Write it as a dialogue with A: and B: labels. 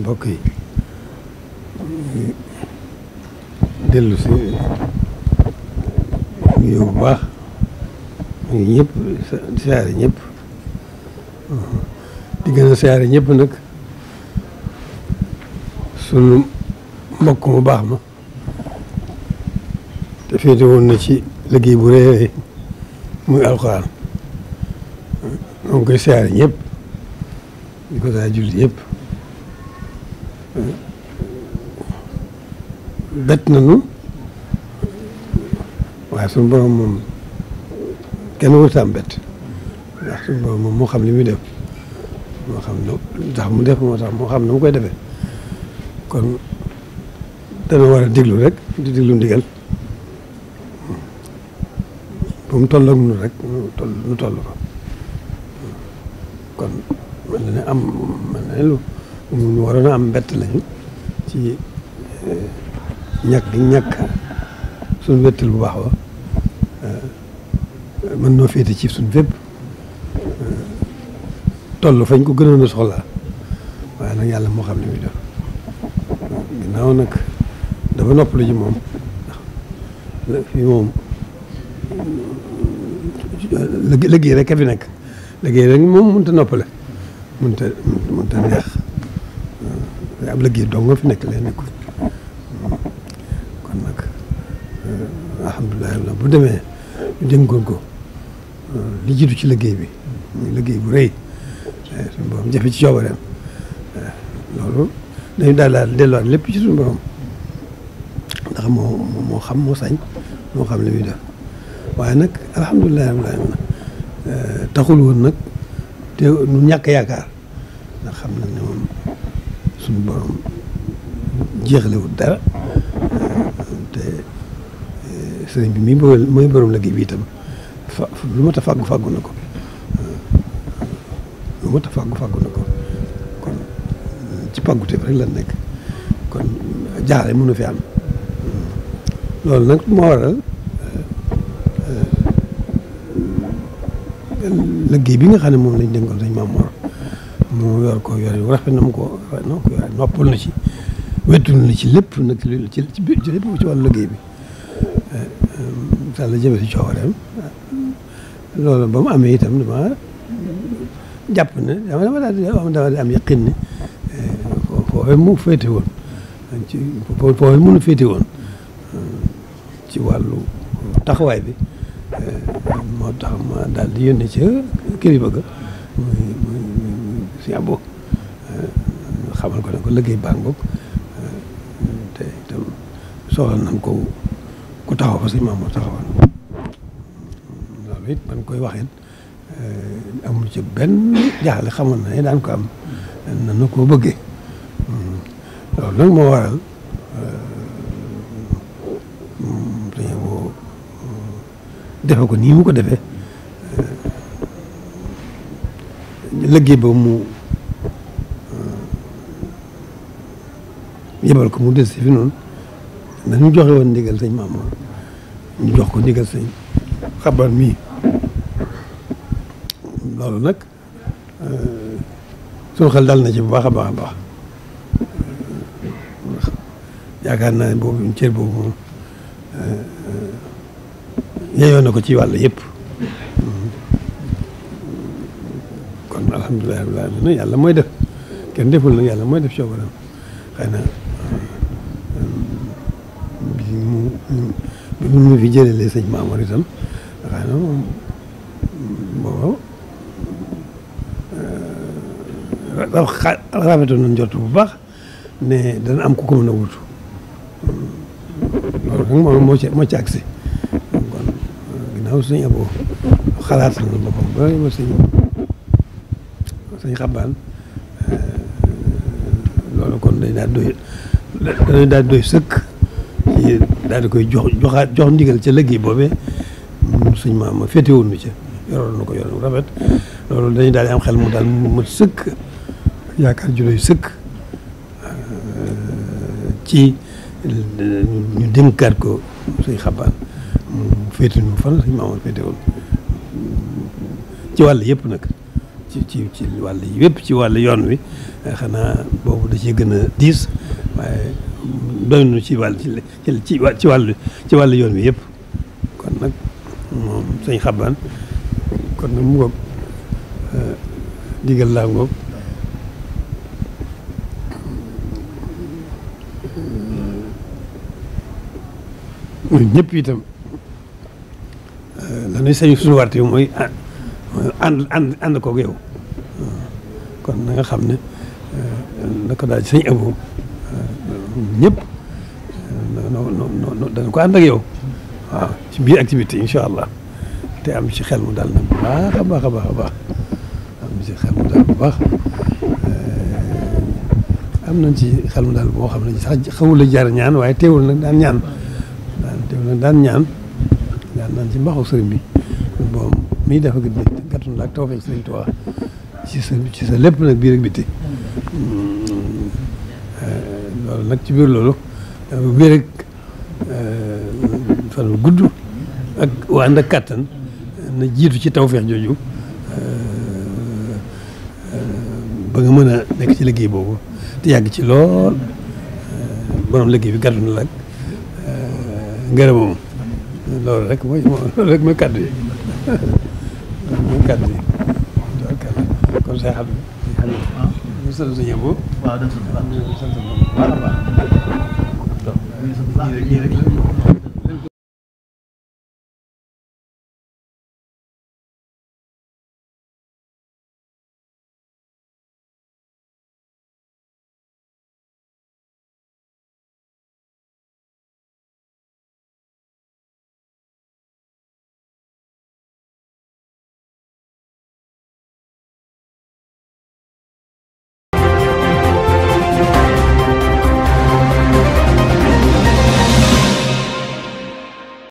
A: mbokk yi dellu si nuyoo bu baax ñu ñëpp siyaare ñëpp di gën a ñëpp nag sunu mbokk mu baax ma te féete woon na ci liggéey bu réeree muy alxuraan ñoo ngi koy siyaare ñëpp di ko bett nañu waaye suñu borom moom kenn wut am bett ndax suñu borom moom moo xam li muy def moo xam ne tax mu def moo xam ne mu koy defee kon dana war a diglu rek di diglu ndigal bu mu toll ak rek nu toll ko kon mën na ne am mën na ne lu. ñu waroon a am mbett lañu ci ñàkk gi ñàkk wettal bu baax wa mën noo féete ci suñ fépp toll fañ ko gënoon a soxlaa waaye nag yàlla moo xam ne muy def ginnaaw nag dafa noppalu ji moom ndax fii moom liggéey rek a fi nekk liggéey rek moom mënut a noppale mënut a mënut a neex ab liggéey dong nga fi nekk leen nekku kon nag euh, alhamdulilah bu demee ñu dénkoon ko euh, li jiitu ci liggéey bi muy liggéey bu rëy euh, suñu borom jafe ci coobareem loolu dañu daal daal delluwaat lépp ci suñu borom ndax moo xam moo sañ moo xam li muy def waaye nag alhamdulilah rabbil alamin taxul woon nag te nu ñàkk yaakaar ndax xam nañ ne moom suñu borom jeexlewul dara te eh, sëriñ bi mi mooy borom liggéey bi itam fa lu mat a fàggu fàggu na ko lu mat a fàggu fàggu na ko kon ci pàggute rek la nekk kon jaare mënu fi am loolu nag moo waral eh, eh, liggéey bi nga xam ne moom lañ dénkoon sëñ Maam Mor mu yor ko yor yu mu ko yore noppal ci wettul ci lépp ci ci biir ci lépp ci wàllu liggéey bi daal eh, eh, la jëme si ba mu amee itam dama jàpp ne dama dama daal di am yaqin eh, féete woon ci foofee mu nu wàllu taxawaay bi daal di yónnee ca si àbbo euh, xamal ko ne ko liggéey baa ngoog euh, te itam soxla nañ ko ku taxaw fa sëñ Mamour taxawal loolu it ban koy wax euh, amul ci benn jaaxle xamoon na ne daan ko am nanu koo bëggee hmm. loolu nag moo waral dañoo hmm, hmm, defe ko nii mu ko defee liggéey ba mu euh, yebal ko mu des fi noonu dañu joxe woon ndigal sëñ Mamour ñu jox ko ndigal sëñ xabar mii loolu nag euh, suñu xel dal na ci bu baax a baax a baax yaakaar naa ne boobu cër boobu moom euh, yeyoo ko ci wàll yëpp alhamdulilah rabbil alamin yàlla mooy def kenn deful na yàlla mooy def coobaram xëy na euh, bi mu bi mu fi jëlee sëñ Maamoor itam xëy na moom booba euh, rafetoon nañ jot bu baax ne dana am ku ko mën a moo ci moo ci agsi kon xalaat na boppam ba ba sañ xabbaan euh, loolu kon day daal doy dañuy daal doy sëkk ci daal di koy jox joxaat jox ndigal ca liggéey boobee suñ maam ma féete woon nu ca yoroon na ko yoroon rafet loolu dañuy daal di am xel mu daal mu sëkk yaakaar ju doy sëkk euh, ci ñu dénkaat ko suñ xabbaan mu féete nu ci wàll yëpp nag ci ci wàll yi yëpp ci wàll yoon wi eh, xanaa boobu da ciy gën a diis waaye doy nu ci wàll ci wàll ci wàll yoon wi yëpp kon nag moom sëñ xabaan kon nag mu ngoog eh, digal laa ngoog ñun ñëpp itam eh, lanuy sañ suñu warte mooy ah, ànd ànd ànd koog yow kon na xam ne euh, na ko daal sañ ëpp euh, ñëpp euh, dana ko ak yow ci biir activité incha allah te am ci xel mu daal nag baax a baax a baax am ci xel mu daal baax am nañ ci xel mu daal boo xam ne sax xawul la jar ñaan waaye teewul nag daan ñaan daan teewul nag daan ñaan daan ci mbaxu sëriñ bi mi def ak gàttan la ak tawfeex Sëriñ Tuubaa ci sa lépp nag biir ak bitti mm. loolu nag ci biir loolu biir ak fan gudd ak waa ànd kàttan na jiitu ci tawfeex jooju ba nga mën a nekk ci liggéey boobu te yàgg ci lool borom liggéey bi gàttu na la ak ngërëmam loolu loolu rek mooy kàddu yi kàddu yi kon say xam ne ñu sant sa ñëpp waaw dañ sant bu baax a baax